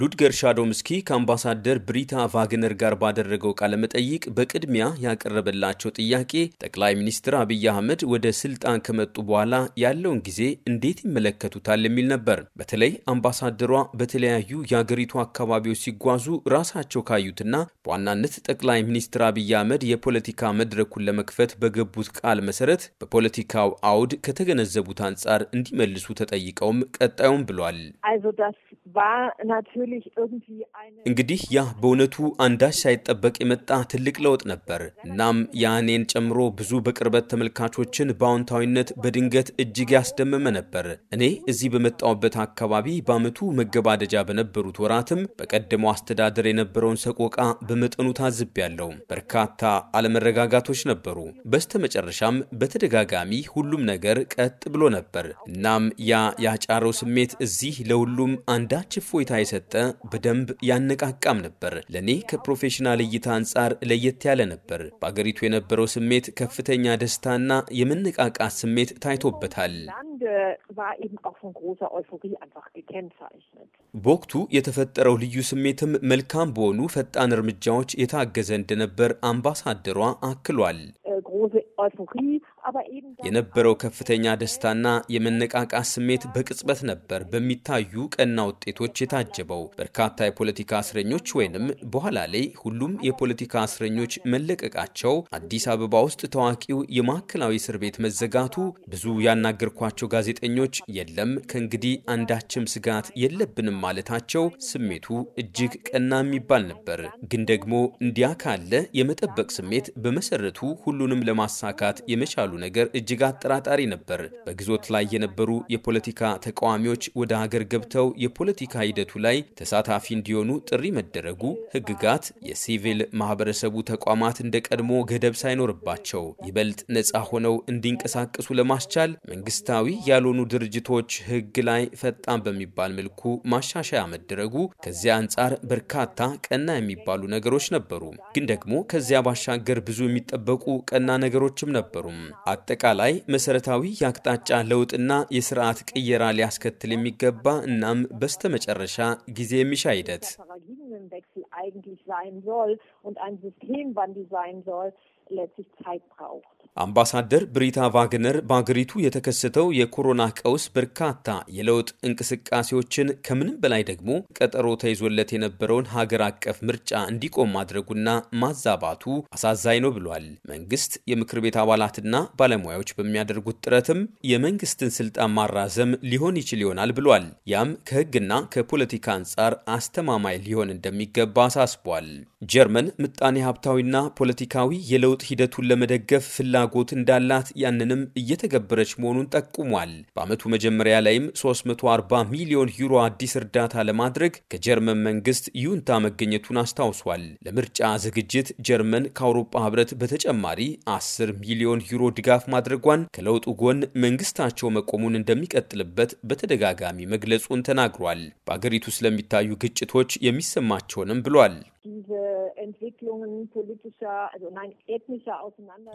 ሉድገር ሻዶምስኪ ከአምባሳደር ብሪታ ቫግነር ጋር ባደረገው ቃለመጠይቅ በቅድሚያ ያቀረበላቸው ጥያቄ ጠቅላይ ሚኒስትር አብይ አህመድ ወደ ስልጣን ከመጡ በኋላ ያለውን ጊዜ እንዴት ይመለከቱታል የሚል ነበር። በተለይ አምባሳደሯ በተለያዩ የአገሪቱ አካባቢዎች ሲጓዙ ራሳቸው ካዩትና በዋናነት ጠቅላይ ሚኒስትር አብይ አህመድ የፖለቲካ መድረኩን ለመክፈት በገቡት ቃል መሰረት በፖለቲካው አውድ ከተገነዘቡት አንጻር እንዲመልሱ ተጠይቀውም ቀጣዩም ብሏል። እንግዲህ ያ በእውነቱ አንዳች ሳይጠበቅ የመጣ ትልቅ ለውጥ ነበር። እናም ያኔን ጨምሮ ብዙ በቅርበት ተመልካቾችን በአዎንታዊነት በድንገት እጅግ ያስደመመ ነበር። እኔ እዚህ በመጣውበት አካባቢ በአመቱ መገባደጃ በነበሩት ወራትም በቀደመው አስተዳደር የነበረውን ሰቆቃ በመጠኑ ያለው በርካታ አለመረጋጋቶች ነበሩ። በስተመጨረሻም በተደጋጋሚ ሁሉም ነገር ቀጥ ብሎ ነበር። እናም ያ ያጫረው ስሜት እዚህ ለሁሉም አንዳች እፎይታ የሰጠ የበለጠ በደንብ ያነቃቃም ነበር። ለእኔ ከፕሮፌሽናል እይታ አንጻር ለየት ያለ ነበር። በአገሪቱ የነበረው ስሜት ከፍተኛ ደስታና የመነቃቃት ስሜት ታይቶበታል። በወቅቱ የተፈጠረው ልዩ ስሜትም መልካም በሆኑ ፈጣን እርምጃዎች የታገዘ እንደነበር አምባሳደሯ አክሏል። የነበረው ከፍተኛ ደስታና የመነቃቃት ስሜት በቅጽበት ነበር በሚታዩ ቀና ውጤቶች የታጀበው። በርካታ የፖለቲካ እስረኞች ወይንም በኋላ ላይ ሁሉም የፖለቲካ እስረኞች መለቀቃቸው፣ አዲስ አበባ ውስጥ ታዋቂው የማዕከላዊ እስር ቤት መዘጋቱ፣ ብዙ ያናገርኳቸው ጋዜጠኞች የለም ከእንግዲህ አንዳችም ስጋት የለብንም ማለታቸው ስሜቱ እጅግ ቀና የሚባል ነበር። ግን ደግሞ እንዲያ ካለ የመጠበቅ ስሜት በመሰረቱ ሁሉንም ለማሳ ማሳካት የመቻሉ ነገር እጅግ አጠራጣሪ ነበር። በግዞት ላይ የነበሩ የፖለቲካ ተቃዋሚዎች ወደ ሀገር ገብተው የፖለቲካ ሂደቱ ላይ ተሳታፊ እንዲሆኑ ጥሪ መደረጉ፣ ህግጋት፣ የሲቪል ማህበረሰቡ ተቋማት እንደ ቀድሞ ገደብ ሳይኖርባቸው ይበልጥ ነፃ ሆነው እንዲንቀሳቀሱ ለማስቻል መንግስታዊ ያልሆኑ ድርጅቶች ህግ ላይ ፈጣን በሚባል መልኩ ማሻሻያ መደረጉ ከዚያ አንጻር በርካታ ቀና የሚባሉ ነገሮች ነበሩ። ግን ደግሞ ከዚያ ባሻገር ብዙ የሚጠበቁ ቀና ነገሮች ችግሮችም ነበሩም። አጠቃላይ መሰረታዊ የአቅጣጫ ለውጥና የስርዓት ቅየራ ሊያስከትል የሚገባ እናም በስተመጨረሻ ጊዜ የሚሻ ሂደት Systemwechsel eigentlich sein soll und ein Systemwandel sein soll, letztlich Zeit braucht. አምባሳደር ብሪታ ቫግነር በአገሪቱ የተከሰተው የኮሮና ቀውስ በርካታ የለውጥ እንቅስቃሴዎችን ከምንም በላይ ደግሞ ቀጠሮ ተይዞለት የነበረውን ሀገር አቀፍ ምርጫ እንዲቆም ማድረጉና ማዛባቱ አሳዛኝ ነው ብሏል። መንግስት የምክር ቤት አባላትና ባለሙያዎች በሚያደርጉት ጥረትም የመንግስትን ስልጣን ማራዘም ሊሆን ይችል ይሆናል ብሏል። ያም ከህግና ከፖለቲካ አንጻር አስተማማኝ ሊሆን እንደሚገባ እንደሚገባ አሳስቧል። ጀርመን ምጣኔ ሀብታዊና ፖለቲካዊ የለውጥ ሂደቱን ለመደገፍ ፍላጎት እንዳላት ያንንም እየተገበረች መሆኑን ጠቁሟል። በዓመቱ መጀመሪያ ላይም 340 ሚሊዮን ዩሮ አዲስ እርዳታ ለማድረግ ከጀርመን መንግስት ይሁንታ መገኘቱን አስታውሷል። ለምርጫ ዝግጅት ጀርመን ከአውሮፓ ህብረት በተጨማሪ 10 ሚሊዮን ዩሮ ድጋፍ ማድረጓን ከለውጡ ጎን መንግስታቸው መቆሙን እንደሚቀጥልበት በተደጋጋሚ መግለጹን ተናግሯል። በአገሪቱ ስለሚታዩ ግጭቶች የሚሰማቸውንም ብሏል።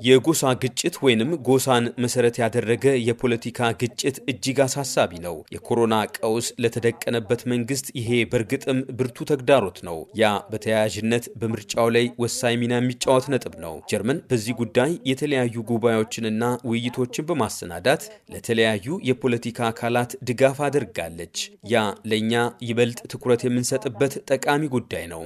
የጎሳ ግጭት ወይንም ጎሳን መሰረት ያደረገ የፖለቲካ ግጭት እጅግ አሳሳቢ ነው። የኮሮና ቀውስ ለተደቀነበት መንግስት ይሄ በእርግጥም ብርቱ ተግዳሮት ነው። ያ በተያያዥነት በምርጫው ላይ ወሳኝ ሚና የሚጫወት ነጥብ ነው። ጀርመን በዚህ ጉዳይ የተለያዩ ጉባኤዎችንና ውይይቶችን በማሰናዳት ለተለያዩ የፖለቲካ አካላት ድጋፍ አድርጋለች። ያ ለእኛ ይበልጥ ትኩረት የምንሰጥበት ጠቃሚ ጉዳይ ነው።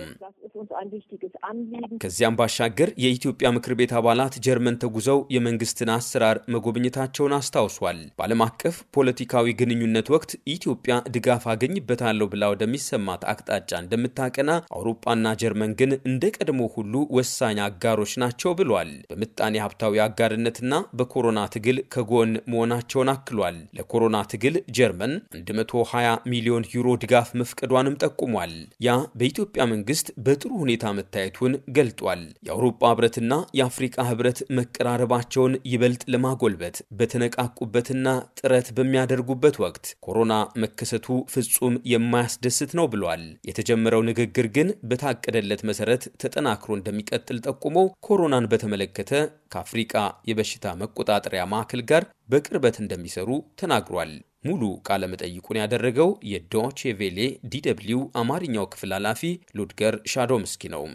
ከዚያም ባሻገር የኢትዮጵያ ምክር ቤት አባላት ጀርመን ተጉዘው የመንግስትን አሰራር መጎብኘታቸውን አስታውሷል። በዓለም አቀፍ ፖለቲካዊ ግንኙነት ወቅት ኢትዮጵያ ድጋፍ አገኝበታለሁ ብላ ወደሚሰማት አቅጣጫ እንደምታቀና አውሮፓና ጀርመን ግን እንደ ቀድሞ ሁሉ ወሳኝ አጋሮች ናቸው ብሏል። በምጣኔ ሀብታዊ አጋርነትና በኮሮና ትግል ከጎን መሆናቸውን አክሏል። ለኮሮና ትግል ጀርመን 120 ሚሊዮን ዩሮ ድጋፍ መፍቀዷንም ጠቁሟል። ያ በኢትዮጵያ መንግስት በጥሩ ሁኔታ መታየቱን ገልጧል። የአውሮፓ ህብረትና የአፍሪቃ ህብረት መቀራረባቸውን ይበልጥ ለማጎልበት በተነቃቁበትና ጥረት በሚያደርጉበት ወቅት ኮሮና መከሰቱ ፍጹም የማያስደስት ነው ብሏል። የተጀመረው ንግግር ግን በታቀደለት መሰረት ተጠናክሮ እንደሚቀጥል ጠቁሞ ኮሮናን በተመለከተ ከአፍሪቃ የበሽታ መቆጣጠሪያ ማዕከል ጋር በቅርበት እንደሚሰሩ ተናግሯል። ሙሉ ቃለ መጠይቁን ያደረገው የዶቼ ቬሌ አማርኛው ክፍል ኃላፊ ሉድገር ሻዶምስኪ ነው።